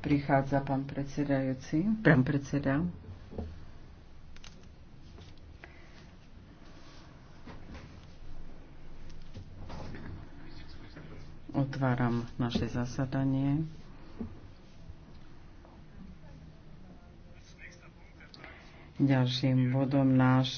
Prichádza pán predsedajúci, pán predseda. Otváram naše zasadanie. Ďalším bodom náš